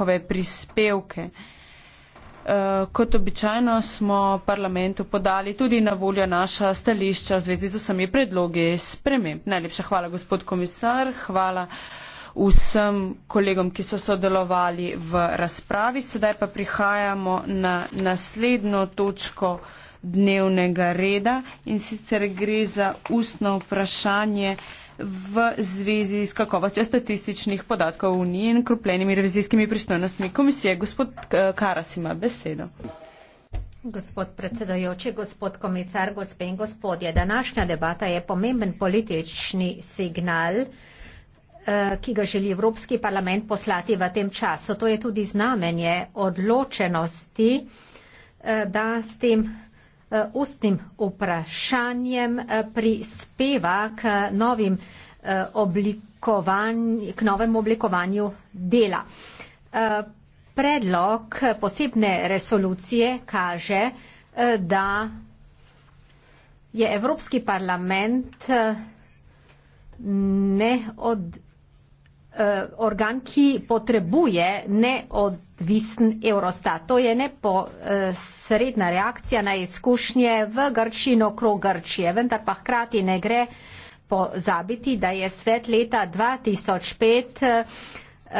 njihove prispevke. Eh, kot običajno smo parlamentu podali tudi na voljo naša stališča v zvezi z vsemi predlogi sprememb. Najlepša hvala, gospod komisar, hvala vsem kolegom, ki so sodelovali v razpravi. Sedaj pa prihajamo na naslednjo točko dnevnega reda in sicer gre za ustno vprašanje v zvezi s kakovostjo statističnih podatkov Unije in kropljenimi revizijskimi pristojnostmi komisije. Gospod eh, Karas ima besedo. Gospod predsedojoči, gospod komisar, gospe in gospodje, današnja debata je pomemben politični signal, eh, ki ga želi Evropski parlament poslati v tem času. To je tudi znamenje odločenosti, eh, da s tem Eh, ustnim vprašanjem eh, prispeva k novim eh, oblikovanjem, k novemu oblikovanju dela. Predlog posebne resolucije kaže, da je Evropski parlament neodvisen uh, organ, ki potrebuje neodvisen Eurostat. To je neposredna eh, uh, reakcija na izkušnje v Grčiji in no okrog Grčije, vendar pa hkrati ne gre pozabiti, da je svet leta 2005 uh,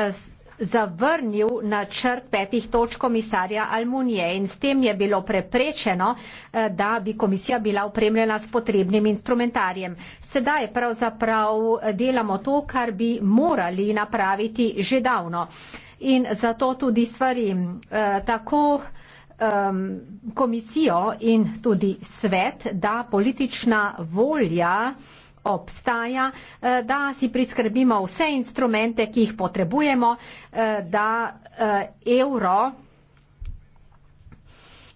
zavrnil načrt petih točk komisarja Almunije in s tem je bilo preprečeno, eh, da bi komisija bila upremljena s potrebnim instrumentarjem. Sedaj pravzaprav eh, delamo to, kar bi morali napraviti že davno. In zato tudi svarim eh, tako ehm, komisijo in tudi svet, da politična volja obstaja, eh, da si priskrbimo vse instrumente, ki jih potrebujemo, eh, da eh, evro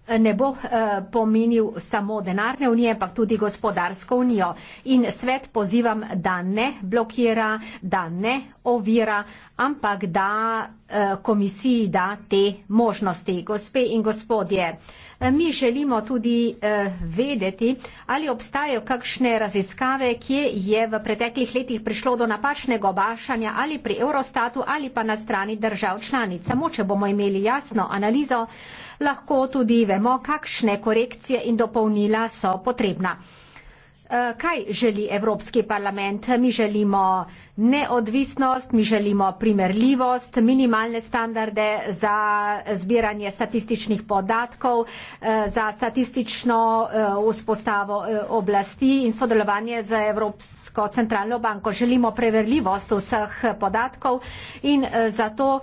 ne bo eh, pomenil samo denarne unije, ampak tudi gospodarsko unijo. In svet pozivam, da ne blokira, da ne ovira, ampak da eh, komisiji da te možnosti. Gospe in gospodje, eh, mi želimo tudi vedeti, ali obstajajo kakšne raziskave, kje je v preteklih letih prišlo do napačnega obašanja ali pri Eurostatu ali pa na strani držav članic. Samo če bomo imeli jasno analizo, lahko tudi vemo, kakšne korekcije in dopolnila so potrebna. Eh, kaj želi Evropski parlament? Mi želimo neodvisnost, mi želimo primerljivost, minimalne standarde za zbiranje statističnih podatkov, eh, za statistično eh, vzpostavo eh, oblasti in sodelovanje z Evropsko centralno banko. Želimo preverljivost vseh podatkov in zato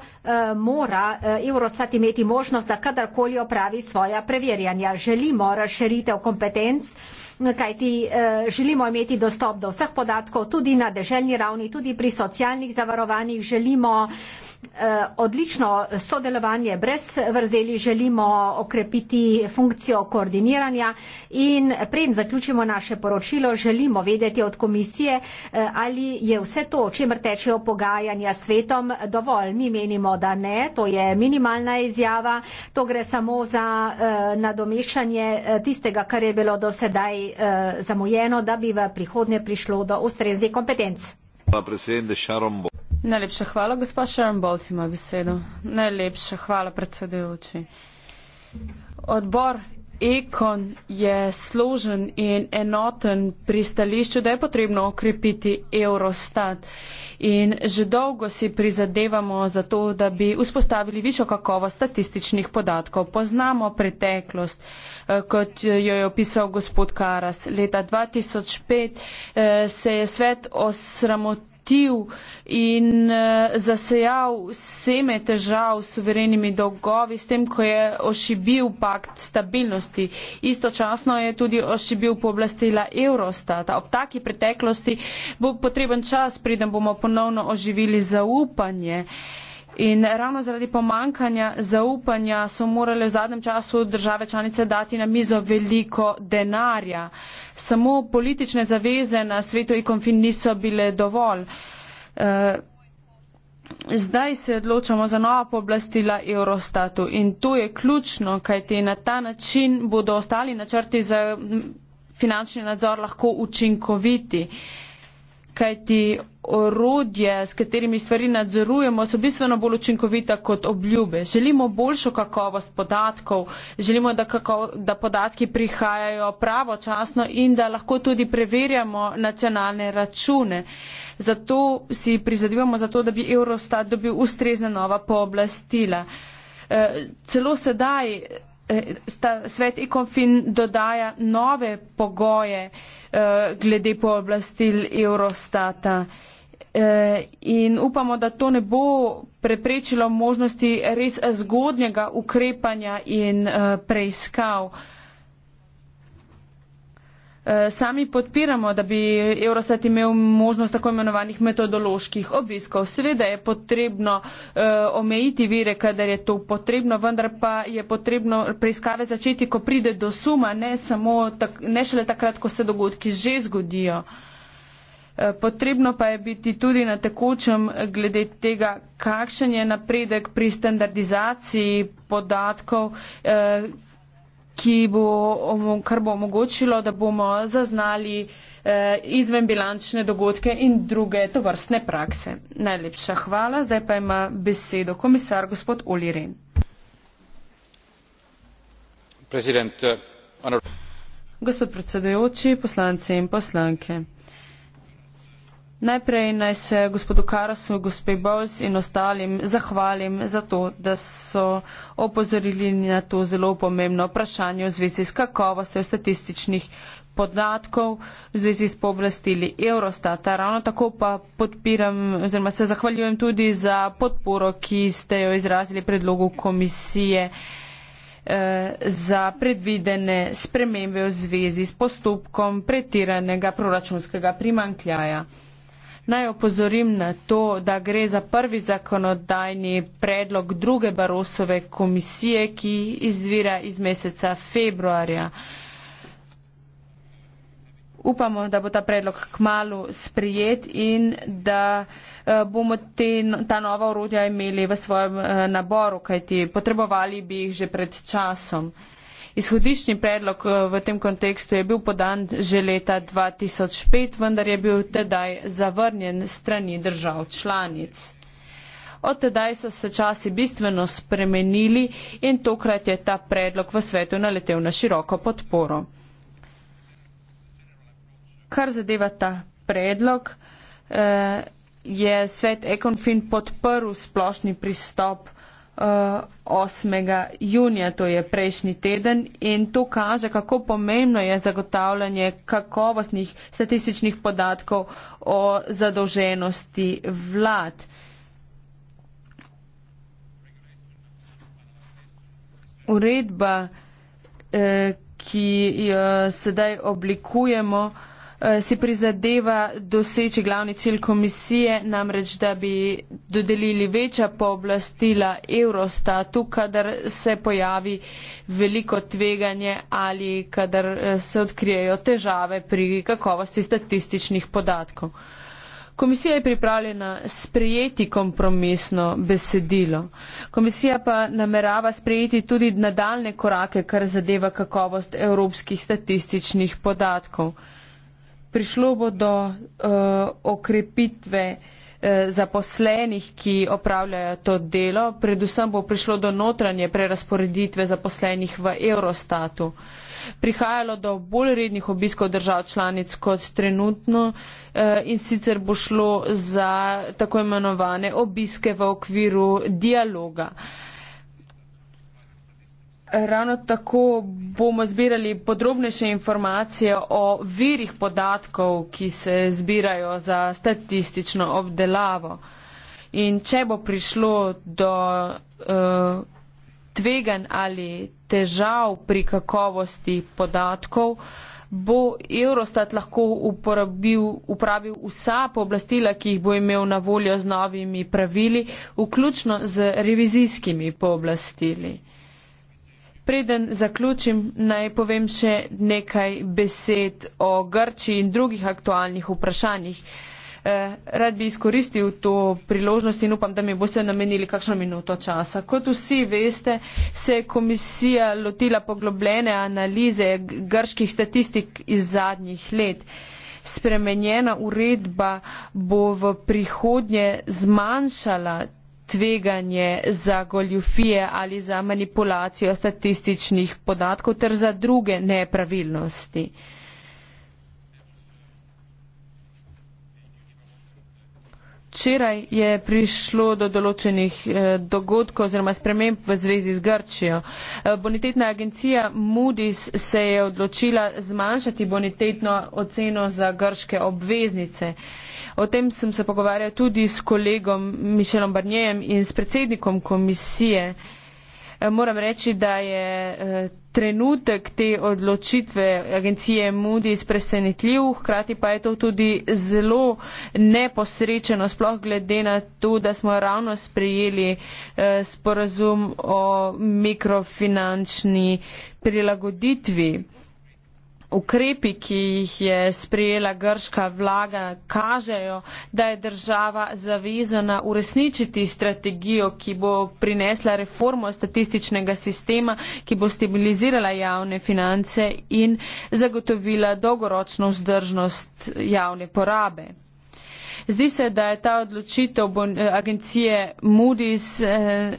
mora Eurostat imeti možnost, da kadarkoli opravi svoja preverjanja. Želimo razširitev kompetenc, kajti želimo imeti dostop do vseh podatkov, tudi na deželjni ravni, tudi tudi pri socialnih zavarovanjih želimo eh, odlično sodelovanje brez vrzeli, želimo okrepiti funkcijo koordiniranja in pred zaključimo naše poročilo, želimo vedeti od komisije, eh, ali je vse to, o čemer tečejo pogajanja svetom, dovolj. Mi menimo, da ne, to je minimalna izjava, to gre samo za eh, nadomešanje tistega, kar je bilo do sedaj zamujeno, da bi v prihodnje prišlo do ustrezne kompetence. Najlepša hvala, gospa Sharon Bowles ima besedo. Najlepša hvala, predsedujoči. Odbor Ekon je složen in enoten pri stališču, da je potrebno okrepiti Eurostat. In že dolgo si prizadevamo za to, da bi vzpostavili višjo kakovo statističnih podatkov. Poznamo preteklost, eh, kot jo je opisal gospod Karas. Leta 2005 eh, se je svet osramotil obogatil in eh, zasejal seme težav s suverenimi dolgovi, s tem, ko je ošibil pakt stabilnosti. Istočasno je tudi ošibil pooblastila Eurostata. Ob taki preteklosti bo potreben čas, preden bomo ponovno oživili zaupanje. In ravno zaradi pomankanja zaupanja so morale v zadnjem času države članice dati na mizo veliko denarja. Samo politične zaveze na svetu ikonfin niso bile dovolj. Eh, zdaj se odločamo za nova pooblastila Eurostatu in to je ključno, kajti na ta način bodo ostali načrti za finančni nadzor lahko učinkoviti. Uh, kajti orodje, s katerimi stvari nadzorujemo, so bistveno bolj učinkovita kot obljube. Želimo boljšo kakovost podatkov, želimo, da, kako, da podatki prihajajo pravočasno in da lahko tudi preverjamo nacionalne račune. Zato si prizadevamo za to, da bi Eurostat dobil ustrezna nova pooblastila. E, celo sedaj Eh, sta, svet ECOFIN dodaja nove pogoje eh, glede pooblastil Eurostata. Eh, in upamo, da to ne bo preprečilo možnosti res zgodnjega ukrepanja in eh, preiskav. Eh, sami podpiramo, da bi Eurostat imel možnost tako imenovanih metodoloških obiskov. Seveda je potrebno eh, omejiti vire, kadar je to potrebno, vendar pa je potrebno preiskave začeti, ko pride do suma, ne, samo, ne šele takrat, ko se dogodki že zgodijo. Eh, potrebno pa je biti tudi na tekočem glede tega, kakšen je napredek pri standardizaciji podatkov, bo, kar bo omogočilo, da bomo zaznali eh, izvenbilančne dogodke in druge tovrstne prakse. Najlepša hvala. Zdaj pa ima besedo komisar gospod Oli Ren. Eh, gospod predsedujoči, poslanci in poslanke. Najprej naj se gospodu Karasu, gospe Bowles in ostalim zahvalim za to, da so opozorili na to zelo pomembno vprašanje v zvezi s kakovostjo statističnih podatkov v zvezi s pooblastili Eurostata. Ravno tako pa podpiram oziroma se zahvaljujem tudi za podporo, ki ste jo izrazili predlogu komisije eh, za predvidene spremembe v zvezi s postopkom pretiranega proračunskega primankljaja. Naj opozorim na to, da gre za prvi zakonodajni predlog druge Barosove komisije, ki izvira iz meseca februarja. Upamo, da bo ta predlog k malu sprijet in da eh, bomo te, no, ta nova urodja imeli v svojem eh, naboru, kajti potrebovali bi jih že pred časom. Izhodiščni predlog eh, v tem kontekstu je bil podan že leta 2005, vendar je bil tedaj zavrnjen strani držav članic. Od tedaj so se časi bistveno spremenili in tokrat je ta predlog v svetu naletel na široko podporo. Kar zadeva ta predlog, eh, je svet Ekonfin podprl splošni pristop 8. Eh, junija, to je prejšnji teden, in to kaže, kako pomembno je zagotavljanje kakovostnih statističnih podatkov o zadolženosti vlad. Uredba, eh, ki jo sedaj oblikujemo, Eh, si prizadeva doseči glavni cilj komisije, namreč da bi dodelili večja pooblastila Eurostatu, kadar se pojavi veliko tveganje ali kadar eh, se odkrijejo težave pri kakovosti statističnih podatkov. Komisija je pripravljena sprejeti kompromisno besedilo. Komisija pa namerava sprejeti tudi nadaljne korake, kar zadeva kakovost evropskih statističnih podatkov prišlo bo do uh, okrepitve eh, zaposlenih, ki opravljajo to delo. Predvsem bo prišlo do notranje prerasporeditve zaposlenih v Eurostatu. Prihajalo do bolj rednih obiskov držav članic kot trenutno eh, in sicer bo šlo za tako imenovane obiske v okviru dialoga ravno tako bomo zbirali podrobnejše informacije o virih podatkov, ki se zbirajo za statistično obdelavo. In če bo prišlo do uh, eh, tvegan ali težav pri kakovosti podatkov, bo Eurostat lahko uporabil, uporabil vsa pooblastila, ki jih bo imel na voljo z novimi pravili, vključno z revizijskimi pooblastili. Preden zaključim, naj povem še nekaj besed o Grčiji in drugih aktualnih vprašanjih. Eh, rad bi izkoristil to priložnost in upam, da mi boste namenili kakšno minuto časa. Kot vsi veste, se je komisija lotila poglobljene analize grških statistik iz zadnjih let. Spremenjena uredba bo v prihodnje zmanjšala tveganje za goljufije ali za manipulacijo statističnih podatkov ter za druge nepravilnosti. včeraj je prišlo do določenih eh, dogodkov oziroma sprememb v zvezi z Grčijo. Eh, bonitetna agencija Moody's se je odločila zmanjšati bonitetno oceno za grške obveznice. O tem sem se pogovarjal tudi s kolegom Mišelom Barnjejem in s predsednikom komisije moram reči, da je eh, trenutek te odločitve agencije Moody's presenetljiv, hkrati pa je to tudi zelo neposrečeno, sploh glede na to, da smo ravno sprejeli eh, sporazum o mikrofinančni prilagoditvi ukrepi, ki jih je sprejela grška vlaga, kažejo, da je država zavezana uresničiti strategijo, ki bo prinesla reformo statističnega sistema, ki bo stabilizirala javne finance in zagotovila dolgoročno vzdržnost javne porabe. Zdi se, da je ta odločitev eh, agencije Moody's. Eh,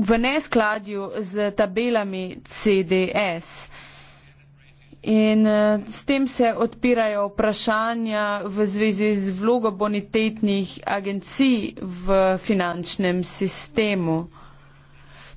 v neskladju z tabelami CDS. In eh, s tem se odpirajo vprašanja v zvezi z vlogo bonitetnih agencij v finančnem sistemu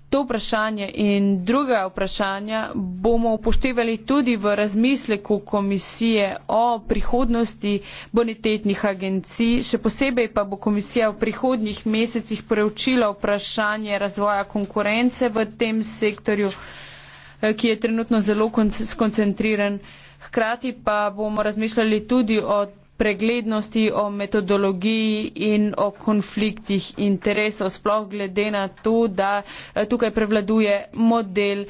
to vprašanje in druga vprašanja bomo upoštevali tudi v razmisleku komisije o prihodnosti bonitetnih agencij. Še posebej pa bo komisija v prihodnjih mesecih preučila vprašanje razvoja konkurence v tem sektorju, eh, ki je trenutno zelo skoncentriran. Hkrati pa bomo razmišljali tudi o preglednosti, o metodologiji in o konfliktih interesov, sploh glede na to, da eh, tukaj prevladuje model eh,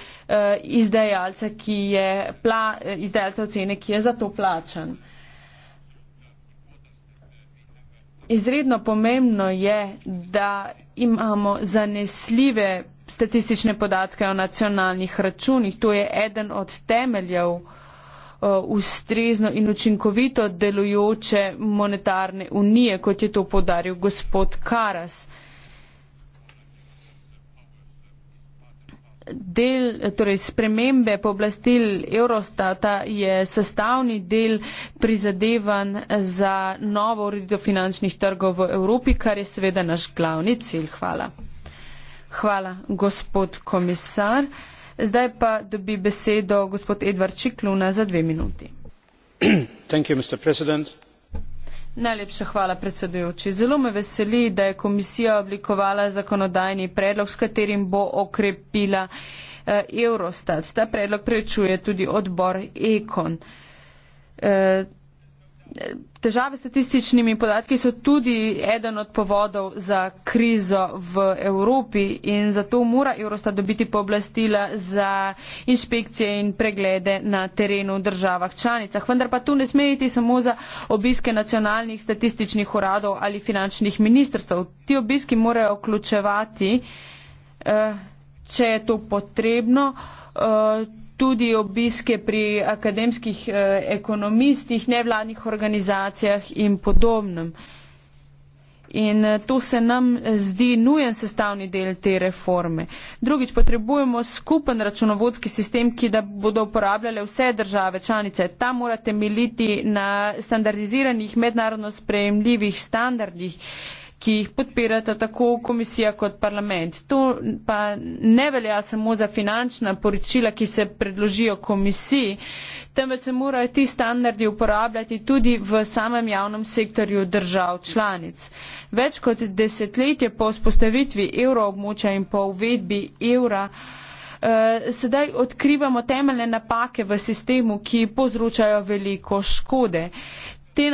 izdajalca, ki je pla, eh, izdajalca ocene, ki je za to plačan. Izredno pomembno je, da imamo zanesljive statistične podatke o nacionalnih računih. To je eden od temeljev Eh, ustrezno in učinkovito delujoče monetarne unije, kot je to podaril gospod Karas. Del, torej spremembe poblastil Eurostata je sestavni del prizadevan za novo ureditev finančnih trgov v Evropi, kar je seveda naš glavni cilj. Hvala. Hvala, gospod komisar. Zdaj pa dobi besedo gospod Edvard Čikluna za dve minuti. Najlepša hvala, predsedujoči. Zelo me veseli, da je komisija oblikovala zakonodajni predlog, s katerim bo okrepila eh, Eurostat. Ta predlog prečuje tudi odbor Ekon. Eh, Težave s statističnimi podatki so tudi eden od povodov za krizo v Evropi in zato mora Eurostat dobiti pooblastila za inšpekcije in preglede na terenu v državah članicah. Vendar pa tu ne smejiti samo za obiske nacionalnih statističnih uradov ali finančnih ministrstv. Ti obiski morajo vključevati, eh, če je to potrebno, eh, tudi obiske pri akademskih eh, ekonomistih, nevladnih organizacijah in podobnem. In eh, to se nam eh, zdi nujen sestavni del te reforme. Drugič, potrebujemo skupen računovodski sistem, ki da bodo uporabljale vse države članice. Ta mora temeljiti na standardiziranih mednarodno sprejemljivih standardih ki jih podpirata tako komisija kot parlament. To pa ne velja samo za finančna poročila, ki se predložijo komisiji, temveč se morajo ti standardi uporabljati tudi v samem javnem sektorju držav članic. Več kot desetletje po spostavitvi evroobmočja in po uvedbi evra. Eh, sedaj odkrivamo temeljne napake v sistemu, ki povzročajo veliko škode te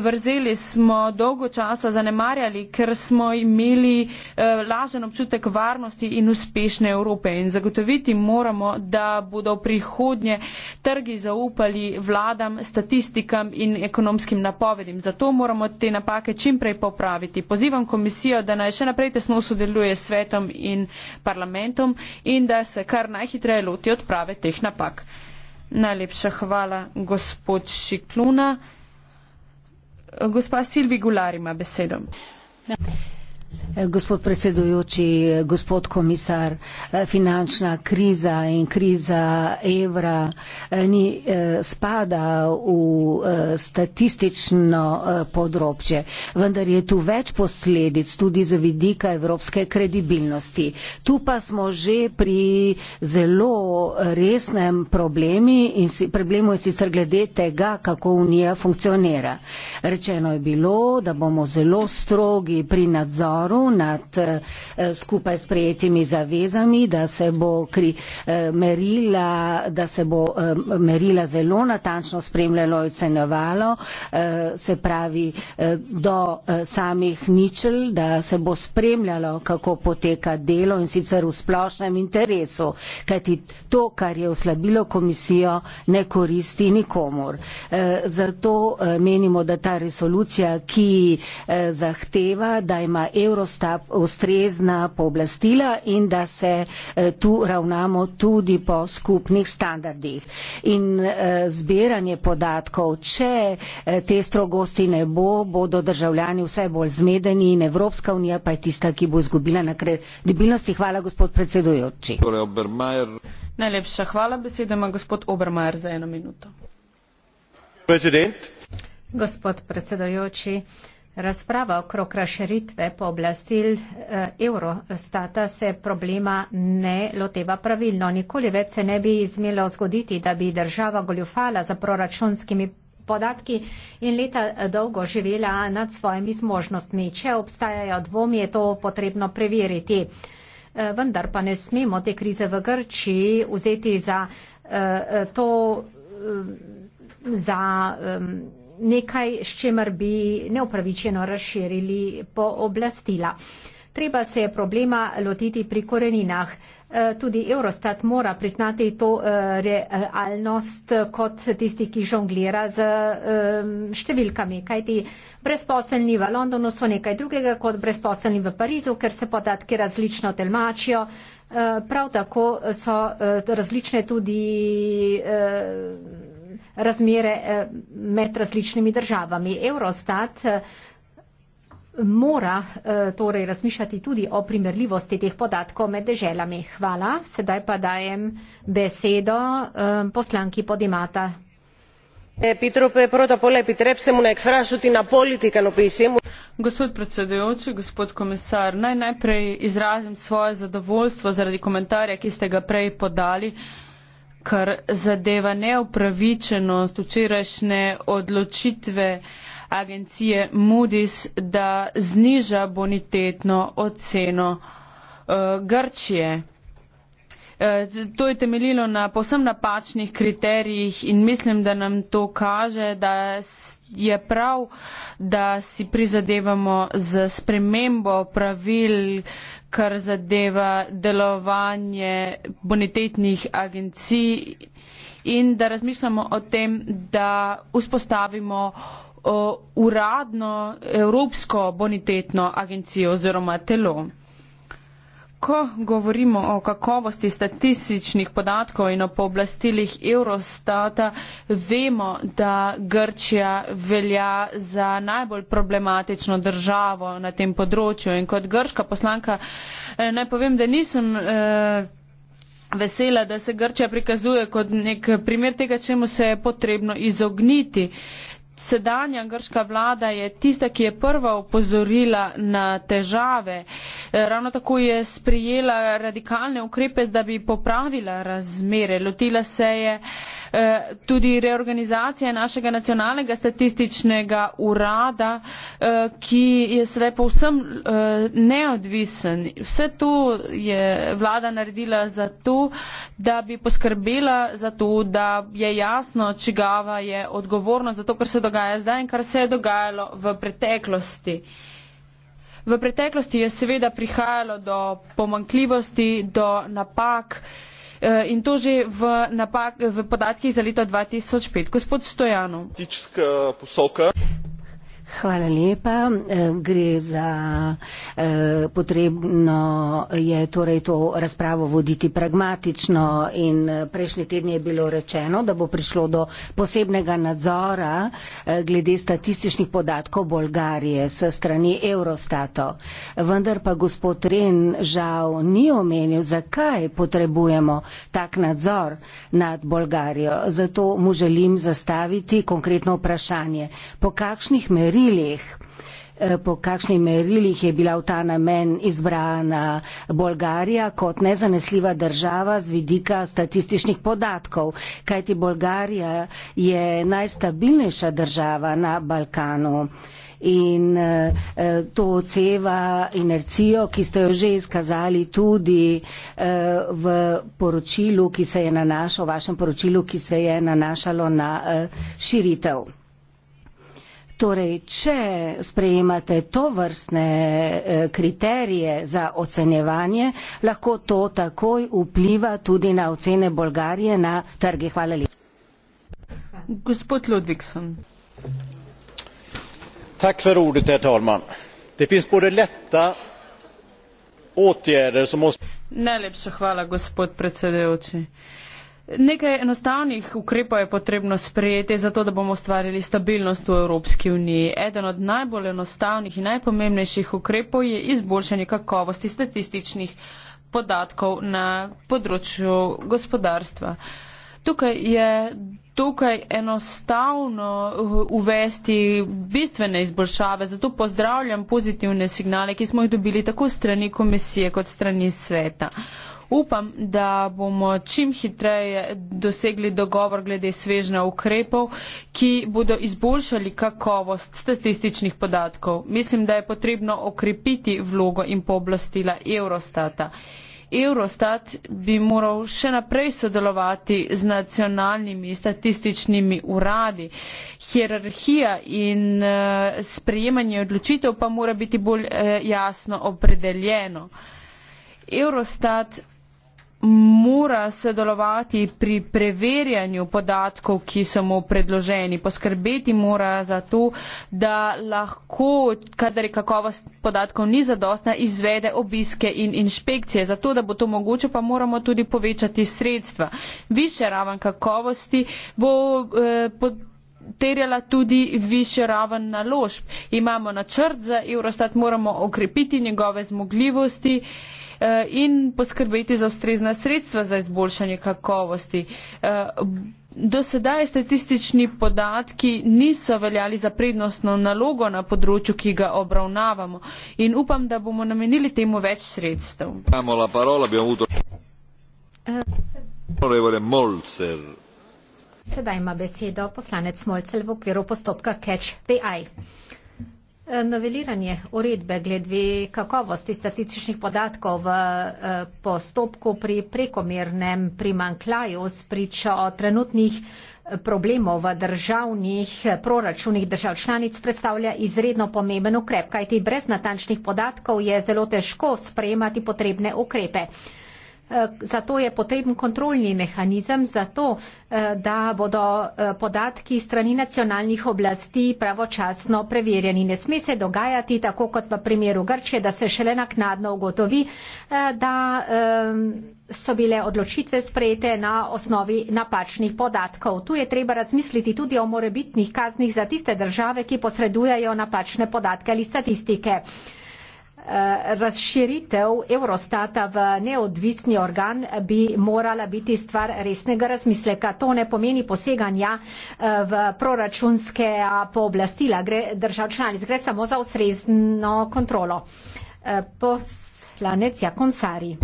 vrzeli smo dolgo časa zanemarjali, ker smo imeli eh, lažen občutek varnosti in uspešne Evrope. In zagotoviti moramo, da bodo prihodnje trgi zaupali vladam, statistikam in ekonomskim napovedim. Zato moramo te napake čim prej popraviti. Pozivam komisijo, da naj še naprej tesno sodeluje s svetom in parlamentom in da se kar najhitreje loti odprave teh napak. Najlepša hvala, gospod Šikluna. Gospa Silvi Gular ima besedo. Ja. Gospod predsedujoči, gospod komisar, finančna kriza in kriza evra eh, ni, eh, spada v eh, statistično področje, vendar je tu več posledic tudi za vidika evropske kredibilnosti. Tu pa smo že pri zelo resnem problemi in si, problemu je sicer glede tega, kako Unija funkcionira. Rečeno je bilo, da bomo zelo strogi pri nadzoru, nad eh, skupaj sprejetimi zavezami, da se bo kri, eh, merila, da se bo eh, merila zelo natančno spremljalo in cenevalo, se pravi do samih ničel, da se bo spremljalo, kako poteka delo in sicer v splošnem interesu, kajti to, kar je oslabilo komisijo, ne koristi nikomor. Zato menimo, da ta resolucija, ki zahteva, da ima Euro sta ustrezna pooblastila in da se eh, tu ravnamo tudi po skupnih standardih. In eh, zbiranje podatkov, če eh, te strogosti ne bo, bodo državljani vse bolj zmedeni in Evropska unija pa je tista, ki bo izgubila na kredibilnosti. Hvala, gospod predsedujoči. Torej, Najlepša hvala. Besedo ima gospod Obermajer za eno minuto. Gospod predsedujoči. Razprava okrog razširitve pooblastil eh, Eurostata se problema ne loteva pravilno. Nikoli več se ne bi izmelo zgoditi, da bi država goljufala za proračunskimi podatki in leta eh, dolgo živela nad svojimi zmožnostmi. Če obstajajo dvomi, je to potrebno preveriti. Eh, vendar pa ne smemo te krize v Grčiji vzeti za to, za nekaj, s čemer bi neupravičeno razširili pooblastila. Treba se je problema lotiti pri koreninah. E, tudi Eurostat mora priznati to e, realnost kot tisti, ki žonglira z e, številkami. Kajti brezposelni v Londonu so nekaj drugega kot brezposelni v Parizu, ker se podatke različno telmačijo. Prav tako so različne tudi razmere eh, med različnimi državami. Eurostat eh, mora eh, torej razmišljati tudi o primerljivosti teh podatkov med deželami. Hvala. Sedaj pa dajem besedo poslanki Podimata. Epitrope, prota pole epitrepse mu na ekfrasu ti na politika no Gospod predsedujoči, gospod komisar, naj najprej izrazim svoje zadovoljstvo zaradi komentarja, ki ste ga prej podali kar zadeva neupravičenost včerajšnje odločitve agencije Moody's, da zniža bonitetno oceno uh, Grčije. Eh, to je temeljilo na povsem napačnih kriterijih in mislim, da nam to kaže, da je prav, da si prizadevamo z spremembo pravil, kar zadeva delovanje bonitetnih agencij in da razmišljamo o tem, da vzpostavimo eh, uradno evropsko bonitetno agencijo oziroma telo ko govorimo o kakovosti statističnih podatkov in o pooblastilih Eurostata, vemo, da Grčija velja za najbolj problematično državo na tem področju. In kot grška poslanka eh, naj povem, da nisem. Eh, Vesela, da se Grčija prikazuje kot nek primer tega, čemu se je potrebno izogniti. Uh, sedanja grška vlada je tista, ki je prva opozorila na težave. E, ravno tako je sprijela radikalne ukrepe, da bi popravila razmere. Lotila se je uh, Eh, tudi reorganizacija našega nacionalnega statističnega urada, eh, ki je sedaj povsem eh, neodvisen. Vse to je vlada naredila zato, da bi poskrbela za to, da je jasno, čigava je odgovornost za to, kar se dogaja zdaj in kar se je dogajalo v preteklosti. V preteklosti je seveda prihajalo do pomankljivosti, do napak. Uh, Eh, in to že v, napak, v podatkih za leto 2005. Gospod Stojanov. Hvala lepa. Eh, gre za eh, potrebno je torej to razpravo voditi pragmatično in eh, prejšnji teden je bilo rečeno, da bo prišlo do posebnega nadzora glede statističnih podatkov Bolgarije s strani Eurostato. Vendar pa gospod Ren žal ni omenil, zakaj potrebujemo tak nadzor nad Bolgarijo. Zato mu želim zastaviti konkretno vprašanje. Po kakšnih meri merilih. E, po kakšnih merilih je bila v ta namen izbrana Bolgarija kot nezanesljiva država z vidika statističnih podatkov, kajti Bolgarija je najstabilnejša država na Balkanu. In eh, to odseva inercijo, ki ste jo že izkazali tudi eh, v poročilu, ki se je nanašalo, vašem poročilu, ki se je nanašalo na eh, širitev. Torej, če sprejemate to vrstne eh, kriterije za ocenjevanje, lahko to takoj vpliva tudi na ocene Bolgarije na trgi. Hvala lepa. Gospod Ludvikson. Tak for ordet, herr talman. Det finns både letta åtgärder som måste... Najlepša hvala, gospod predsedujoči. Uh, Nekaj enostavnih ukrepov je potrebno sprejeti, zato da bomo ustvarili stabilnost v Evropski uniji. Eden od najbolj enostavnih in najpomembnejših ukrepov je izboljšanje kakovosti statističnih podatkov na področju gospodarstva. Tukaj je tukaj enostavno uh, uvesti bistvene izboljšave, zato pozdravljam pozitivne signale, ki smo jih dobili tako strani komisije kot strani sveta upam, da bomo čim hitreje dosegli dogovor glede svežna ukrepov, ki bodo izboljšali kakovost statističnih podatkov. Mislim, da je potrebno okrepiti vlogo in pooblastila Eurostata. Eurostat bi moral še naprej sodelovati z nacionalnimi statističnimi uradi. Hierarhija in eh, sprejemanje odločitev pa mora biti bolj eh, jasno opredeljeno. Eurostat mora sodelovati pri preverjanju podatkov, ki so mu predloženi. Poskrbeti mora za to, da lahko, kadar je kakovost podatkov ni zadostna, izvede obiske in inšpekcije. Zato, da bo to mogoče, pa moramo tudi povečati sredstva. Više raven kakovosti bo eh, pod terjala tudi više raven naložb. Imamo načrt za Eurostat, moramo okrepiti njegove zmogljivosti eh, in poskrbeti za ustrezna sredstva za izboljšanje kakovosti. Eh, do sedaj statistični podatki niso veljali za prednostno nalogo na področju, ki ga obravnavamo in upam, da bomo namenili temu več sredstev. Uh. Sedaj ima besedo poslanec Molcel v okviru postopka Catch the Eye. E, noveliranje uredbe glede kakovosti statističnih podatkov v e, postopku pri prekomernem primankljaju spričo trenutnih e, problemov v državnih proračunih držav članic predstavlja izredno pomemben ukrep, kajti brez natančnih podatkov je zelo težko sprejemati potrebne ukrepe. Eh, zato je potreben kontrolni mehanizem, zato eh, da bodo eh, podatki strani nacionalnih oblasti pravočasno preverjeni. Ne sme se dogajati, tako kot v primeru Grče, da se šele naknadno ugotovi, da so bile odločitve sprejete na osnovi napačnih podatkov. Tu je treba razmisliti tudi o morebitnih kaznih za tiste države, ki posredujajo napačne podatke ali statistike. Eh, razširitev Eurostata v neodvisni organ bi morala biti stvar resnega razmisleka. To ne pomeni poseganja eh, v proračunske pooblastila držav članic, gre samo za ustrezno kontrolo. Eh, poslanec Jakonsari.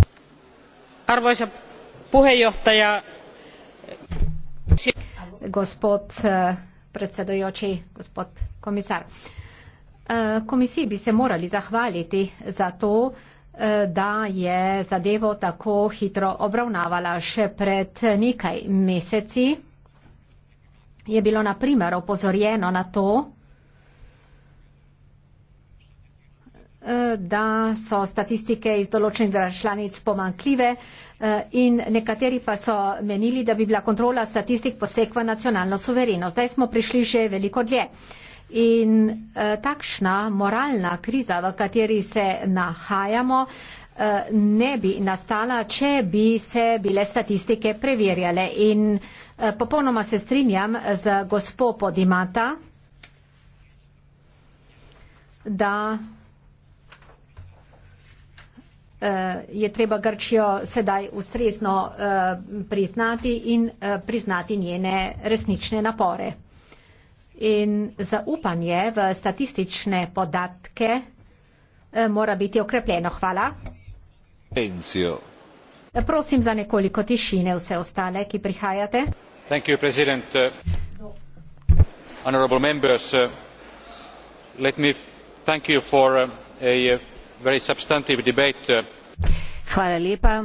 Arvoisa puhejohtaja. Gospod predsedujoči, gospod komisar. Eh, komisiji bi se morali zahvaliti za to, eh, da je zadevo tako hitro obravnavala. Še pred nekaj meseci je bilo na primer opozorjeno na to, eh, da so statistike iz določenih držav članic pomankljive in nekateri pa so menili, da bi bila kontrola statistik posekva nacionalno suvereno. Zdaj smo prišli že veliko dlje. In uh, takšna moralna kriza, v kateri se nahajamo, eh, ne bi nastala, če bi se bile statistike preverjale. In eh, popolnoma se strinjam z gospo Podimata, da je treba Grčijo sedaj ustrezno priznati in priznati njene resnične napore in zaupanje v statistične podatke eh, mora biti okrepljeno. Hvala. Pencijo. Prosim za nekoliko tišine vse ostale, ki prihajate. Thank you, President. Honorable members, eh, let me thank you for eh, a very substantive debate. Hvala lepa.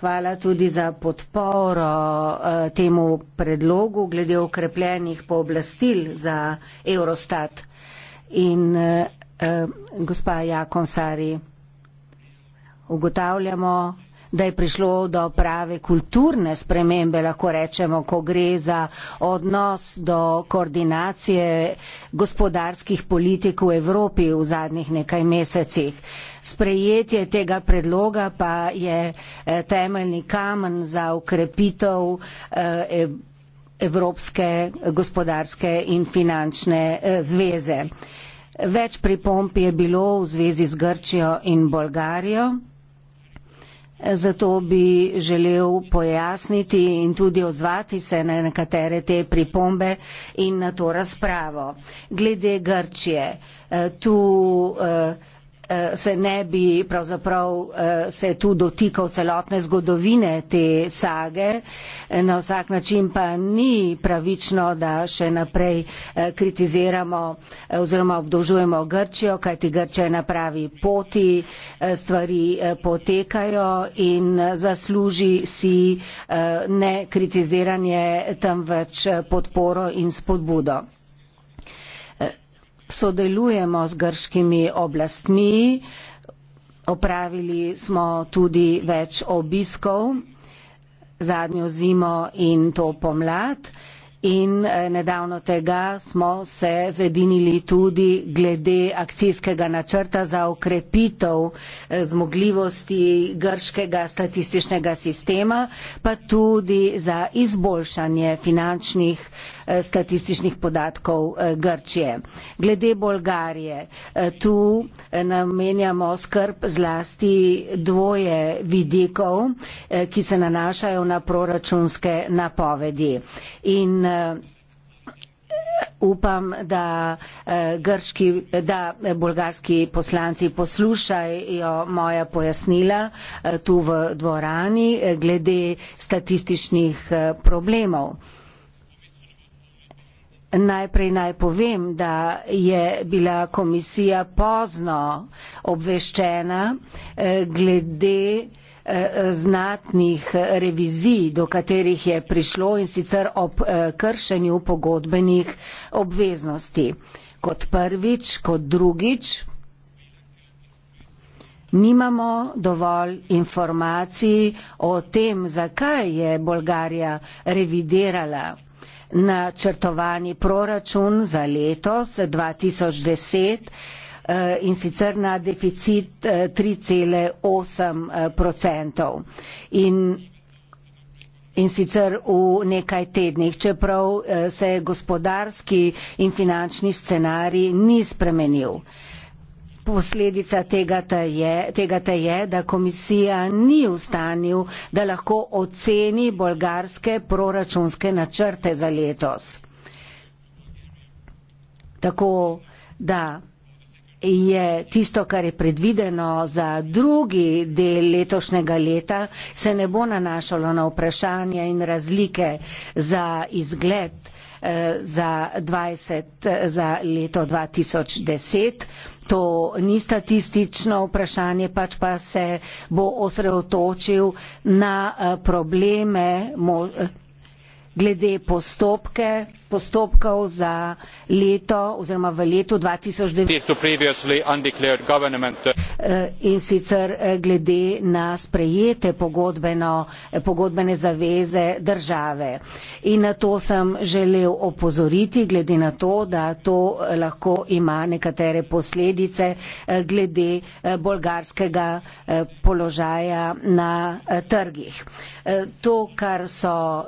Hvala tudi za podporo eh, temu predlogu glede okrepljenih pooblastil za Eurostat. In eh, eh, gospa Jakonsari, ugotavljamo, da je prišlo do prave kulturne spremembe, lahko rečemo, ko gre za odnos do koordinacije gospodarskih politik v Evropi v zadnjih nekaj mesecih. Sprejetje tega predloga pa je eh, temeljni kamen za ukrepitev eh, e-, Evropske gospodarske in finančne eh, zveze. Več pripomp je bilo v zvezi z Grčijo in Bolgarijo. Zato bi želel pojasniti in tudi odzvati se na nekatere te pripombe in na to razpravo. Glede Grčije, eh, tu eh, Eh, se ne bi pravzaprav eh, se tu dotikal celotne zgodovine te sage. Eh, na vsak način pa ni pravično, da še naprej kritiziramo oziroma obdolžujemo Grčijo, kajti Grčija je na pravi poti, stvari potekajo in zasluži si ne kritiziranje, temveč podporo in spodbudo sodelujemo z grškimi oblastmi, opravili smo tudi več obiskov zadnjo zimo in to pomlad in eh, nedavno tega smo se zedinili tudi glede akcijskega načrta za okrepitev eh, zmogljivosti grškega statističnega sistema, pa tudi za izboljšanje finančnih Eh, statističnih podatkov eh, Grčije. Glede Bolgarije, eh, tu namenjamo skrb zlasti dvoje vidikov, ki se nanašajo na proračunske napovedi. In Upam, da, grški, da bolgarski poslanci poslušajo moja pojasnila tu v dvorani glede statističnih problemov. Najprej naj povem, da je bila komisija pozno obveščena eh, glede eh, znatnih revizij, do katerih je prišlo in sicer ob eh, kršenju pogodbenih obveznosti. Kot prvič, kot drugič, nimamo dovolj informacij o tem, zakaj je Bolgarija revidirala načrtovani proračun za letos 2010 eh, in sicer na deficit 3,8 eh, eh, procentov. In in sicer v nekaj tednih, čeprav se gospodarski in finančni scenarij ni spremenil. Posledica tega ta, je, tega ta je, da komisija ni v stanju, da lahko oceni bolgarske proračunske načrte za letos. Tako da je tisto, kar je predvideno za drugi del letošnjega leta, se ne bo nanašalo na vprašanja in razlike za izgled eh, za, 20, eh, za leto 2010 to ni statistično vprašanje, pač pa se bo osredotočil na eh, probleme glede postopke postopkov za leto oziroma v letu 2009 uh, eh, in sicer eh, glede na sprejete eh, pogodbene zaveze države. In na to sem želel opozoriti, glede na to, da to lahko ima nekatere posledice glede bolgarskega položaja na trgih. To, kar so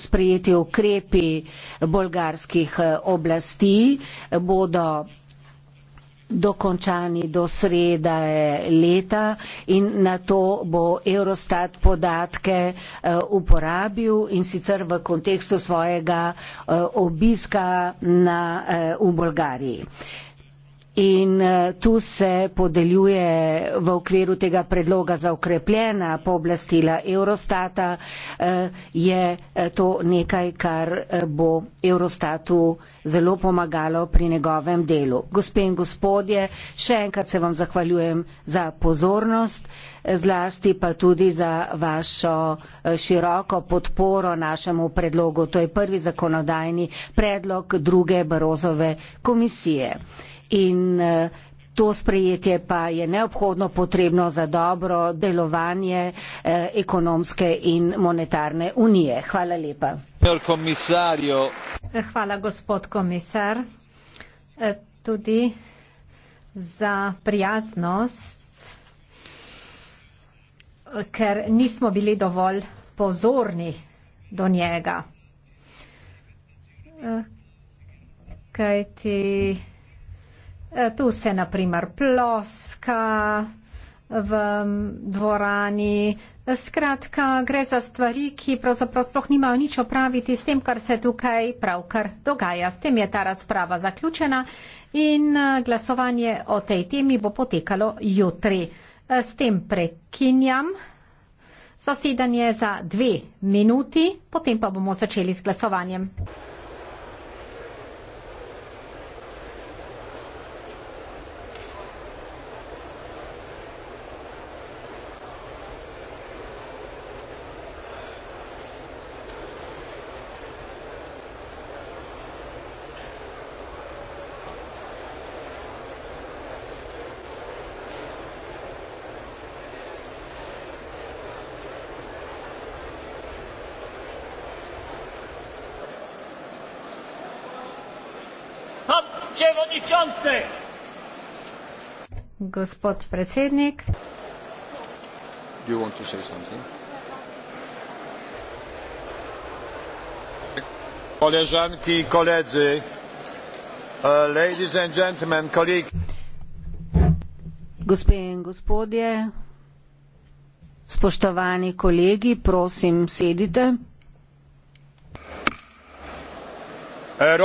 sprejeti ukrepi strani bolgarskih eh, oblasti, bodo dokončani do sreda leta in na to bo Eurostat podatke eh, uporabil in sicer v kontekstu svojega eh, obiska na, v Bolgariji. In eh, tu se podeljuje v okviru tega predloga za ukrepljena pooblastila Eurostata, eh, je eh, to nekaj, kar bo Eurostatu zelo pomagalo pri njegovem delu. Gospe in gospodje, še enkrat se vam zahvaljujem za pozornost zlasti pa tudi za vašo eh, široko podporo našemu predlogu. To je prvi zakonodajni predlog druge Barozove komisije. In eh, to sprejetje pa je neobhodno potrebno za dobro delovanje eh, ekonomske in monetarne unije. Hvala lepa. Hvala, gospod komisar, tudi za prijaznost ker nismo bili dovolj pozorni do njega. Eh, kajti eh, tu se na primer ploska v mm, dvorani. Skratka, gre za stvari, ki pravzaprav sploh nimajo nič opraviti s tem, kar se tukaj pravkar dogaja. S tem je ta razprava zaključena in eh, glasovanje o tej temi bo potekalo jutri. S tem prekinjam zasedanje za dve minuti, potem pa bomo začeli z glasovanjem. Ničance. Gospod predsednik. Do you want to say something? Koleżanki i koledzy, uh, ladies and gentlemen, colleagues. Gospe in gospodje, spoštovani kolegi, prosim, sedite. E,